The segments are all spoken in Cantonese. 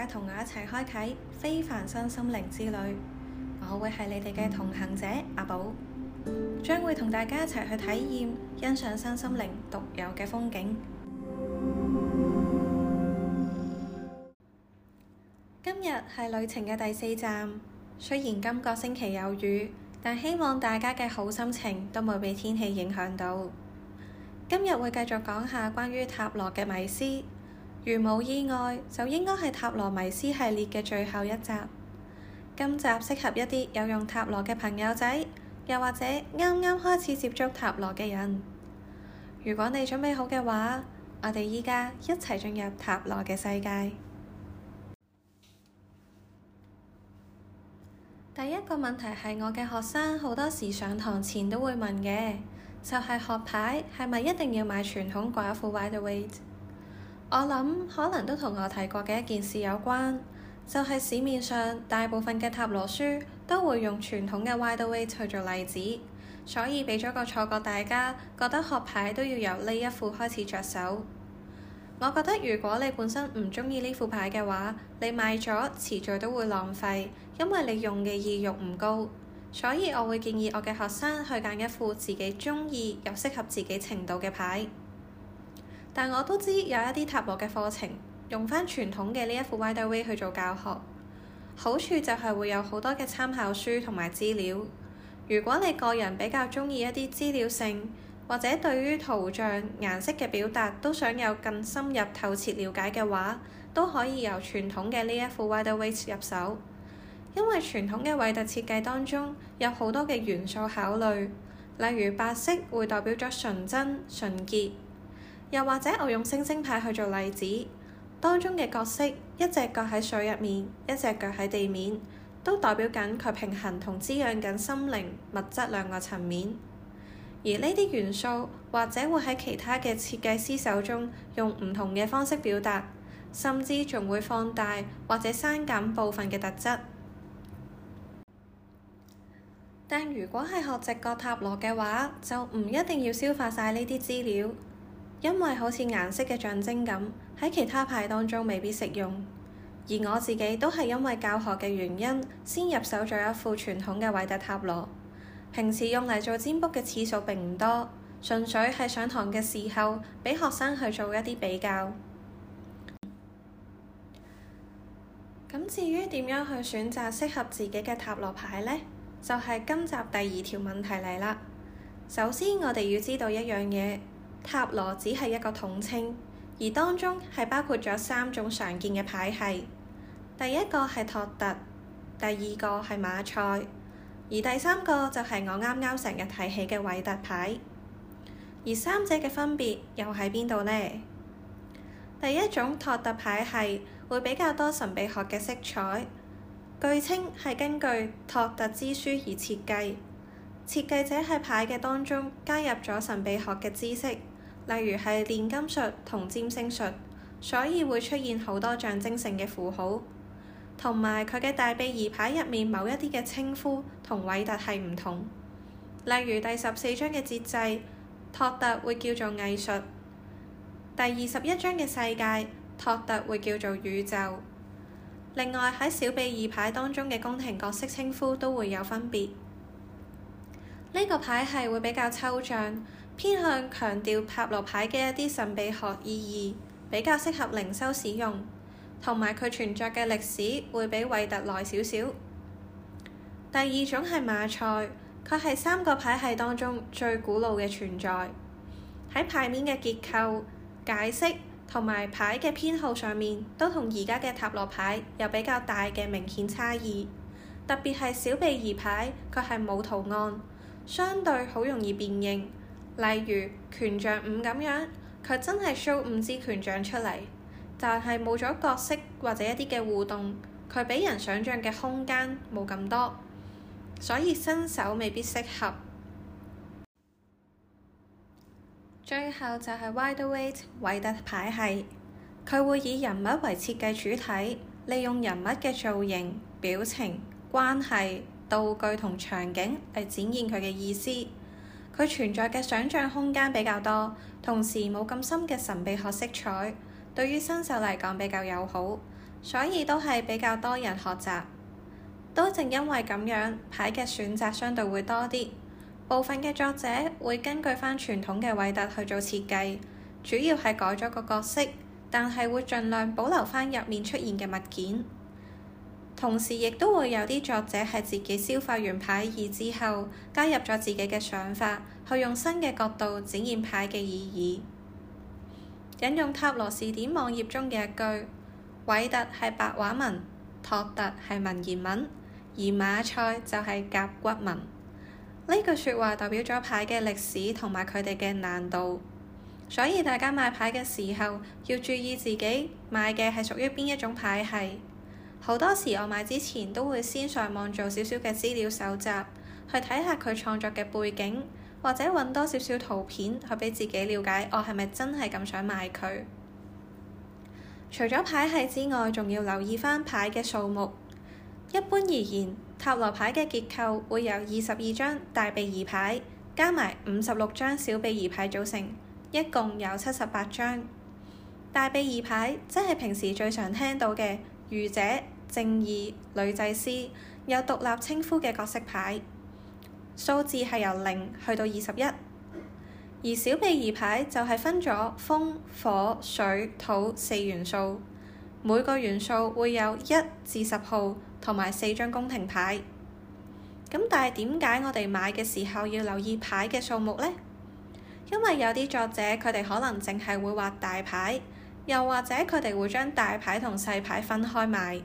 大家同我一齊開啟非凡身心靈之旅，我會係你哋嘅同行者阿寶，將會同大家一齊去體驗欣賞身心靈獨有嘅風景。今日係旅程嘅第四站，雖然今個星期有雨，但希望大家嘅好心情都冇被天氣影響到。今日會繼續講下關於塔羅嘅迷思。如冇意外，就應該係塔羅迷思系列嘅最後一集。今集適合一啲有用塔羅嘅朋友仔，又或者啱啱開始接觸塔羅嘅人。如果你準備好嘅話，我哋而家一齊進入塔羅嘅世界。第一個問題係我嘅學生好多時上堂前都會問嘅，就係、是、學牌係咪一定要買傳統寡婦 Wide Weight 我諗可能都同我提過嘅一件事有關，就係、是、市面上大部分嘅塔羅書都會用傳統嘅 Wide Way 去做例子，所以畀咗個錯覺，大家覺得學牌都要由呢一副開始着手。我覺得如果你本身唔鍾意呢副牌嘅話，你買咗遲早都會浪費，因為你用嘅意欲唔高。所以我會建議我嘅學生去揀一副自己鍾意又適合自己程度嘅牌。但我都知有一啲塔羅嘅課程用翻傳統嘅呢一副 wide way 去做教學，好處就係會有好多嘅參考書同埋資料。如果你個人比較中意一啲資料性，或者對於圖像顏色嘅表達都想有更深入透徹了解嘅話，都可以由傳統嘅呢一副 wide way 入手，因為傳統嘅韋特設計當中有好多嘅元素考慮，例如白色會代表咗純真、純潔。又或者我用星星牌去做例子，當中嘅角色一隻腳喺水入面，一隻腳喺地面，都代表緊佢平衡同滋養緊心靈、物質兩個層面。而呢啲元素或者會喺其他嘅設計師手中用唔同嘅方式表達，甚至仲會放大或者刪減部分嘅特質。但如果係學直覺塔羅嘅話，就唔一定要消化晒呢啲資料。因為好似顏色嘅象徵咁，喺其他牌當中未必適用。而我自己都係因為教學嘅原因，先入手咗一副傳統嘅韋特塔羅，平時用嚟做占卜嘅次數並唔多，純粹係上堂嘅時候畀學生去做一啲比較。咁至於點樣去選擇適合自己嘅塔羅牌呢？就係、是、今集第二條問題嚟啦。首先，我哋要知道一樣嘢。塔羅只係一個統稱，而當中係包括咗三種常見嘅牌系。第一個係托特，第二個係馬賽，而第三個就係我啱啱成日提起嘅韋特牌。而三者嘅分別又喺邊度呢？第一種托特牌係會比較多神秘學嘅色彩，據稱係根據托特之書而設計，設計者喺牌嘅當中加入咗神秘學嘅知識。例如係煉金術同占星術，所以會出現好多象徵性嘅符號，同埋佢嘅大秘儀牌入面某一啲嘅稱呼同韋特係唔同。例如第十四張嘅節制，托特會叫做藝術；第二十一張嘅世界，托特會叫做宇宙。另外喺小秘儀牌當中嘅宮廷角色稱呼都會有分別。呢、這個牌係會比較抽象。偏向強調塔羅牌嘅一啲神秘學意義，比較適合靈修使用，同埋佢存在嘅歷史會比韋特耐少少。第二種係馬賽，佢係三個牌系當中最古老嘅存在，喺牌面嘅結構解釋同埋牌嘅編號上面，都同而家嘅塔羅牌有比較大嘅明顯差異。特別係小秘儀牌，佢係冇圖案，相對好容易辨認。例如權杖五咁樣，佢真係 show 五支權杖出嚟，但係冇咗角色或者一啲嘅互動，佢畀人想象嘅空間冇咁多，所以新手未必適合。最後就係 wide weight 偉特牌系，佢會以人物為設計主體，利用人物嘅造型、表情、關係、道具同場景嚟展現佢嘅意思。佢存在嘅想像空間比較多，同時冇咁深嘅神秘學色彩，對於新手嚟講比較友好，所以都係比較多人學習。都正因為咁樣，牌嘅選擇相對會多啲。部分嘅作者會根據翻傳統嘅韋特去做設計，主要係改咗個角色，但係會盡量保留翻入面出現嘅物件。同時，亦都會有啲作者係自己消化完牌意之後，加入咗自己嘅想法，去用新嘅角度展現牌嘅意義。引用塔羅視點網頁中嘅一句：偉特係白話文，托特係文言文，而馬賽就係甲骨文。呢句説話代表咗牌嘅歷史同埋佢哋嘅難度，所以大家買牌嘅時候要注意自己買嘅係屬於邊一種牌系。好多時，我買之前都會先上網做少少嘅資料搜集，去睇下佢創作嘅背景，或者揾多少少圖片去畀自己了解，我係咪真係咁想買佢。除咗牌系之外，仲要留意翻牌嘅數目。一般而言，塔羅牌嘅結構會由二十二張大秘儀牌加埋五十六張小秘儀牌組成，一共有七十八張。大秘儀牌即係平時最常聽到嘅。愚者、正義、女祭司有獨立稱呼嘅角色牌，數字係由零去到二十一，而小秘儀牌就係分咗風、火、水、土四元素，每個元素會有一至十號同埋四張宮廷牌。咁但係點解我哋買嘅時候要留意牌嘅數目呢？因為有啲作者佢哋可能淨係會畫大牌。又或者佢哋會將大牌同細牌分開買，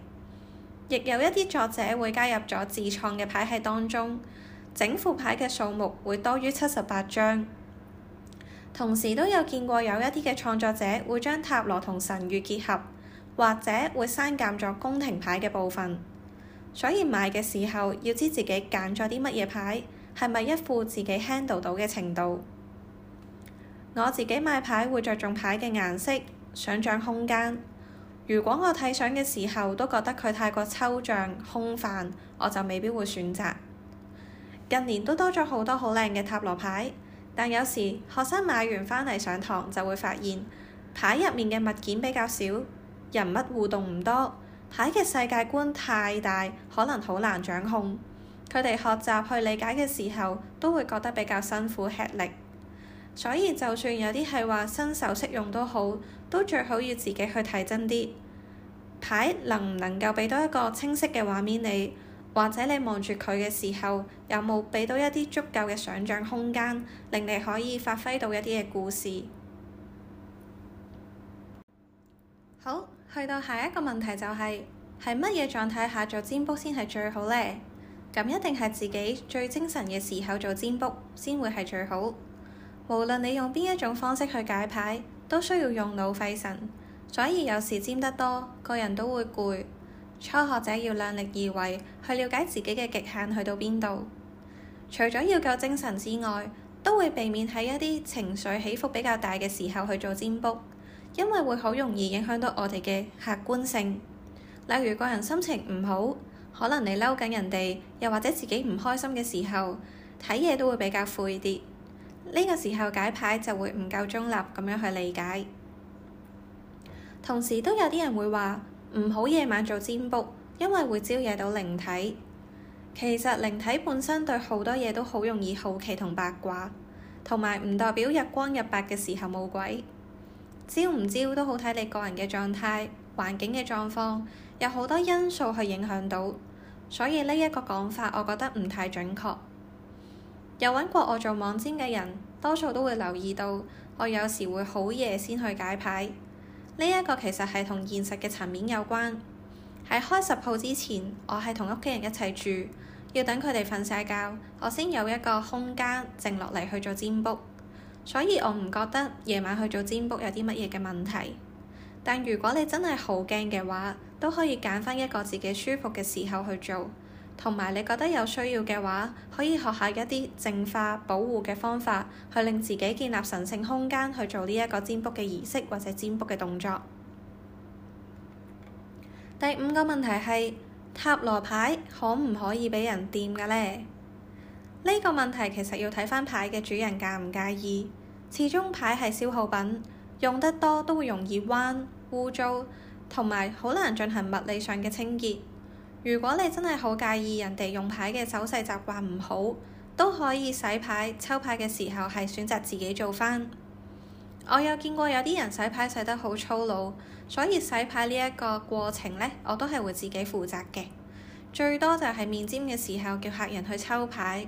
亦有一啲作者會加入咗自創嘅牌喺當中，整副牌嘅數目會多於七十八張。同時都有見過有一啲嘅創作者會將塔羅同神諭結合，或者會刪減咗宮廷牌嘅部分。所以買嘅時候要知自己揀咗啲乜嘢牌，係咪一副自己 handle 到嘅程度？我自己買牌會着重牌嘅顏色。想像空間。如果我睇相嘅時候都覺得佢太過抽象、空泛，我就未必會選擇。近年都多咗好多好靚嘅塔羅牌，但有時學生買完翻嚟上堂就會發現，牌入面嘅物件比較少，人物互動唔多，牌嘅世界觀太大，可能好難掌控。佢哋學習去理解嘅時候，都會覺得比較辛苦、吃力。所以就算有啲係話新手適用都好，都最好要自己去睇真啲牌，能唔能夠畀到一個清晰嘅畫面你，或者你望住佢嘅時候有冇畀到一啲足夠嘅想像空間，令你可以發揮到一啲嘅故事。好，去到下一個問題就係係乜嘢狀態下做占卜先係最好呢？咁一定係自己最精神嘅時候做占卜先會係最好。無論你用邊一種方式去解牌，都需要用腦費神，所以有時占得多，個人都會攰。初學者要量力而為，去了解自己嘅極限去到邊度。除咗要夠精神之外，都會避免喺一啲情緒起伏比較大嘅時候去做占卜，因為會好容易影響到我哋嘅客觀性。例如個人心情唔好，可能你嬲緊人哋，又或者自己唔開心嘅時候，睇嘢都會比較晦啲。呢個時候解牌就會唔夠中立咁樣去理解，同時都有啲人會話唔好夜晚做占卜，因為會招惹到靈體。其實靈體本身對好多嘢都好容易好奇同八卦，同埋唔代表日光日白嘅時候冇鬼，招唔招都好睇你個人嘅狀態、環境嘅狀況，有好多因素去影響到，所以呢一個講法我覺得唔太準確。有揾過我做網佔嘅人，多數都會留意到我有時會好夜先去解牌。呢、這、一個其實係同現實嘅層面有關。喺開十號之前，我係同屋企人一齊住，要等佢哋瞓曬覺，我先有一個空間靜落嚟去做占卜。所以我唔覺得夜晚去做占卜有啲乜嘢嘅問題。但如果你真係好驚嘅話，都可以揀翻一個自己舒服嘅時候去做。同埋，你覺得有需要嘅話，可以學下一啲淨化保護嘅方法，去令自己建立神聖空間，去做呢一個占卜嘅儀式或者占卜嘅動作。第五個問題係：塔羅牌可唔可以畀人掂㗎呢？呢、呢個問題其實要睇翻牌嘅主人介唔介意。始終牌係消耗品，用得多都會容易彎、污糟，同埋好難進行物理上嘅清潔。如果你真係好介意人哋用牌嘅手勢習慣唔好，都可以洗牌，抽牌嘅時候係選擇自己做返。我有見過有啲人洗牌洗得好粗魯，所以洗牌呢一個過程呢，我都係會自己負責嘅。最多就係面尖嘅時候叫客人去抽牌，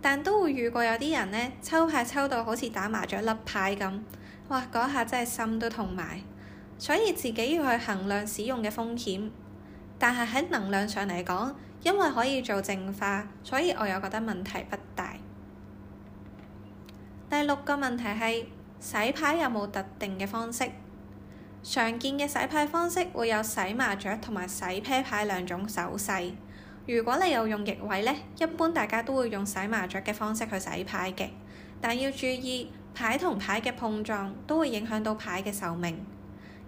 但都會遇過有啲人呢，抽牌抽到好似打麻雀粒牌咁，哇！嗰下真係心都痛埋，所以自己要去衡量使用嘅風險。但係喺能量上嚟講，因為可以做淨化，所以我又覺得問題不大。第六個問題係洗牌有冇特定嘅方式？常見嘅洗牌方式會有洗麻雀同埋洗啤牌兩種手勢。如果你有用逆位呢，一般大家都會用洗麻雀嘅方式去洗牌嘅，但要注意牌同牌嘅碰撞都會影響到牌嘅壽命。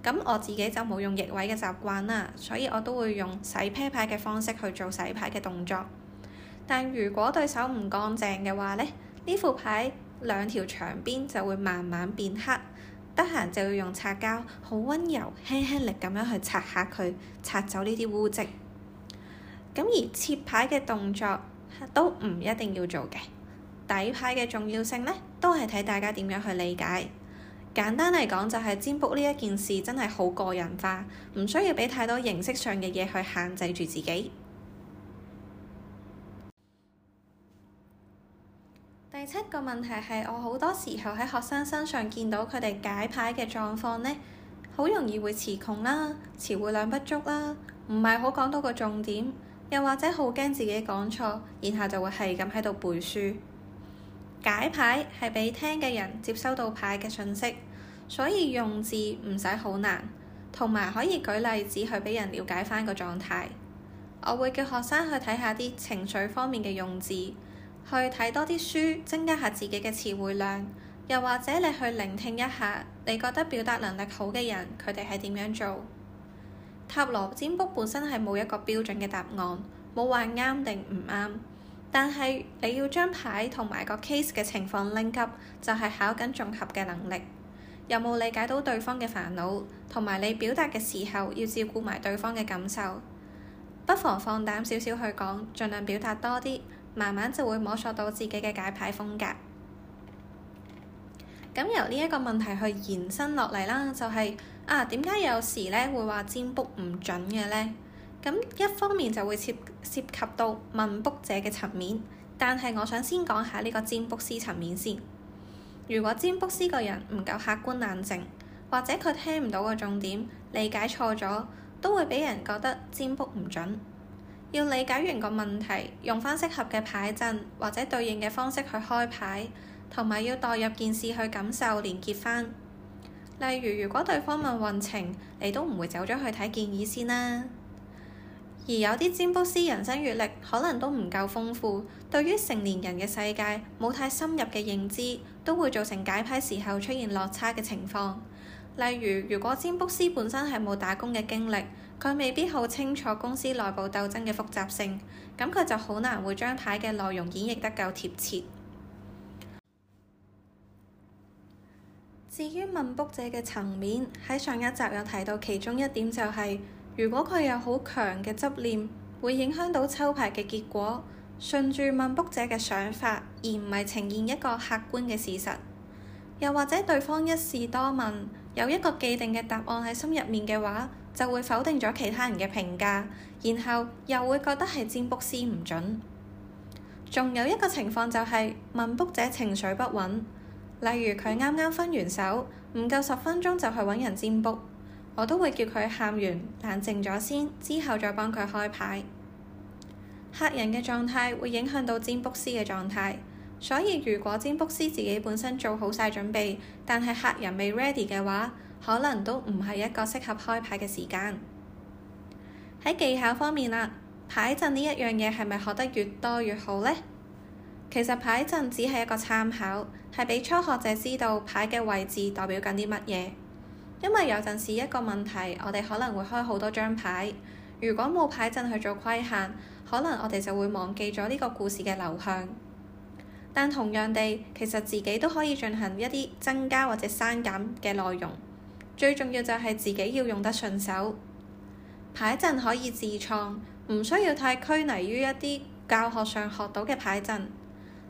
咁我自己就冇用逆位嘅習慣啦，所以我都會用洗啤牌嘅方式去做洗牌嘅動作。但如果對手唔乾淨嘅話咧，呢副牌兩條長邊就會慢慢變黑。得閒就要用擦膠，好温柔、輕輕力咁樣去擦下佢，擦走呢啲污跡。咁而切牌嘅動作都唔一定要做嘅，底牌嘅重要性呢，都係睇大家點樣去理解。簡單嚟講，就係占卜呢一件事真係好個人化，唔需要畀太多形式上嘅嘢去限制住自己。第七個問題係我好多時候喺學生身上見到佢哋解牌嘅狀況呢，好容易會詞窮啦，詞彙量不足啦，唔係好講到個重點，又或者好驚自己講錯，然後就會係咁喺度背書。解牌係畀聽嘅人接收到牌嘅信息，所以用字唔使好難，同埋可以舉例子去畀人了解翻個狀態。我會叫學生去睇下啲情緒方面嘅用字，去睇多啲書，增加下自己嘅詞彙量，又或者你去聆聽一下你覺得表達能力好嘅人，佢哋係點樣做。塔羅占卜本身係冇一個標準嘅答案，冇話啱定唔啱。但係你要將牌同埋個 case 嘅情況拎 i 就係考緊綜合嘅能力，有冇理解到對方嘅煩惱，同埋你表達嘅時候要照顧埋對方嘅感受，不妨放膽少少去講，儘量表達多啲，慢慢就會摸索到自己嘅解牌風格。咁由呢一個問題去延伸落嚟啦，就係、是、啊點解有時呢會話占卜唔準嘅呢？咁一方面就會涉涉及到問卜者嘅層面，但係我想先講下呢個占卜師層面先。如果占卜師個人唔夠客觀冷靜，或者佢聽唔到個重點，理解錯咗，都會俾人覺得占卜唔準。要理解完個問題，用翻適合嘅牌陣或者對應嘅方式去開牌，同埋要代入件事去感受連結翻。例如，如果對方問運程，你都唔會走咗去睇建議先啦。而有啲占卜師人生閱歷可能都唔夠豐富，對於成年人嘅世界冇太深入嘅認知，都會造成解牌時候出現落差嘅情況。例如，如果占卜師本身係冇打工嘅經歷，佢未必好清楚公司內部鬥爭嘅複雜性，咁佢就好難會將牌嘅內容演繹得夠貼切。至於問卜者嘅層面，喺上一集有提到其中一點就係、是。如果佢有好強嘅執念，會影響到抽牌嘅結果，順住問卜者嘅想法，而唔係呈現一個客觀嘅事實。又或者對方一事多問，有一個既定嘅答案喺心入面嘅話，就會否定咗其他人嘅評價，然後又會覺得係占卜師唔準。仲有一個情況就係、是、問卜者情緒不穩，例如佢啱啱分完手，唔夠十分鐘就去揾人占卜。我都會叫佢喊完、冷靜咗先，之後再幫佢開牌。客人嘅狀態會影響到占卜師嘅狀態，所以如果占卜師自己本身做好晒準備，但係客人未 ready 嘅話，可能都唔係一個適合開牌嘅時間。喺技巧方面啦，牌陣呢一樣嘢係咪學得越多越好呢？其實牌陣只係一個參考，係畀初學者知道牌嘅位置代表緊啲乜嘢。因為有陣時一個問題，我哋可能會開好多張牌。如果冇牌陣去做規限，可能我哋就會忘記咗呢個故事嘅流向。但同樣地，其實自己都可以進行一啲增加或者刪減嘅內容。最重要就係自己要用得順手，牌陣可以自創，唔需要太拘泥於一啲教學上學到嘅牌陣。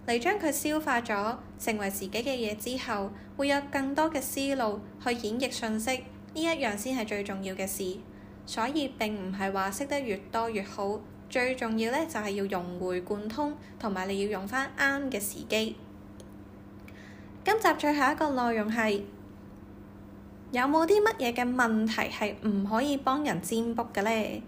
你將佢消化咗，成為自己嘅嘢之後，會有更多嘅思路去演繹信息，呢一樣先係最重要嘅事。所以並唔係話識得越多越好，最重要咧就係要融會貫通，同埋你要用翻啱嘅時機。今集最後一個內容係有冇啲乜嘢嘅問題係唔可以幫人占卜嘅咧？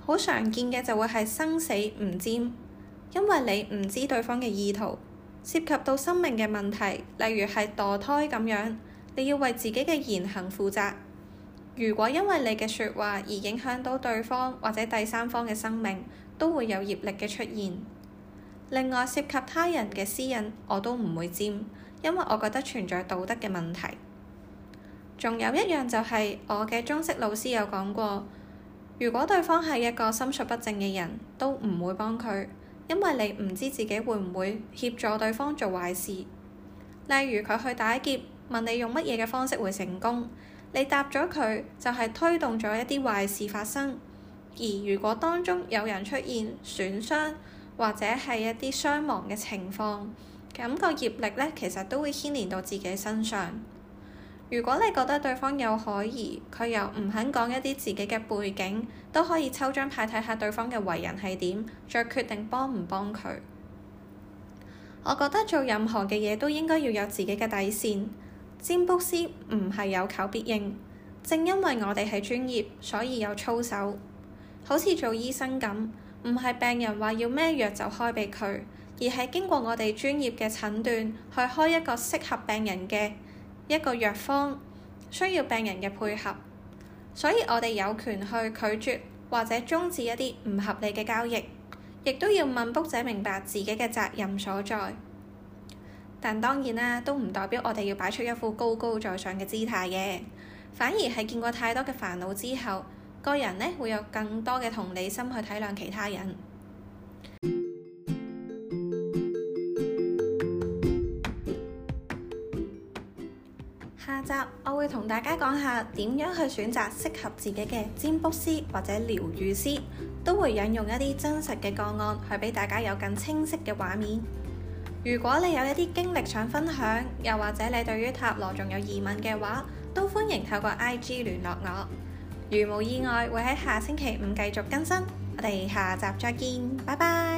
好常見嘅就會係生死唔占。因為你唔知對方嘅意圖，涉及到生命嘅問題，例如係墮胎咁樣，你要為自己嘅言行負責。如果因為你嘅説話而影響到對方或者第三方嘅生命，都會有業力嘅出現。另外涉及他人嘅私隱，我都唔會占，因為我覺得存在道德嘅問題。仲有一樣就係、是、我嘅中式老師有講過，如果對方係一個心術不正嘅人，都唔會幫佢。因為你唔知自己會唔會協助對方做壞事，例如佢去打劫，問你用乜嘢嘅方式會成功，你答咗佢就係推動咗一啲壞事發生，而如果當中有人出現損傷或者係一啲傷亡嘅情況，咁個業力咧其實都會牽連到自己身上。如果你覺得對方有可疑，佢又唔肯講一啲自己嘅背景，都可以抽張牌睇下對方嘅為人係點，再決定幫唔幫佢。我覺得做任何嘅嘢都應該要有自己嘅底線。占卜師唔係有求必應，正因為我哋係專業，所以有操守。好似做醫生咁，唔係病人話要咩藥就開畀佢，而係經過我哋專業嘅診斷，去開一個適合病人嘅。一個藥方需要病人嘅配合，所以我哋有權去拒絕或者中止一啲唔合理嘅交易，亦都要問卜者明白自己嘅責任所在。但當然啦，都唔代表我哋要擺出一副高高在上嘅姿態嘅，反而係見過太多嘅煩惱之後，個人呢會有更多嘅同理心去體諒其他人。集我會同大家講下點樣去選擇適合自己嘅占卜師或者療愈師，都會引用一啲真實嘅個案，去俾大家有更清晰嘅畫面。如果你有一啲經歷想分享，又或者你對於塔羅仲有疑問嘅話，都歡迎透過 IG 聯絡我。如無意外，會喺下星期五繼續更新。我哋下集再見，拜拜。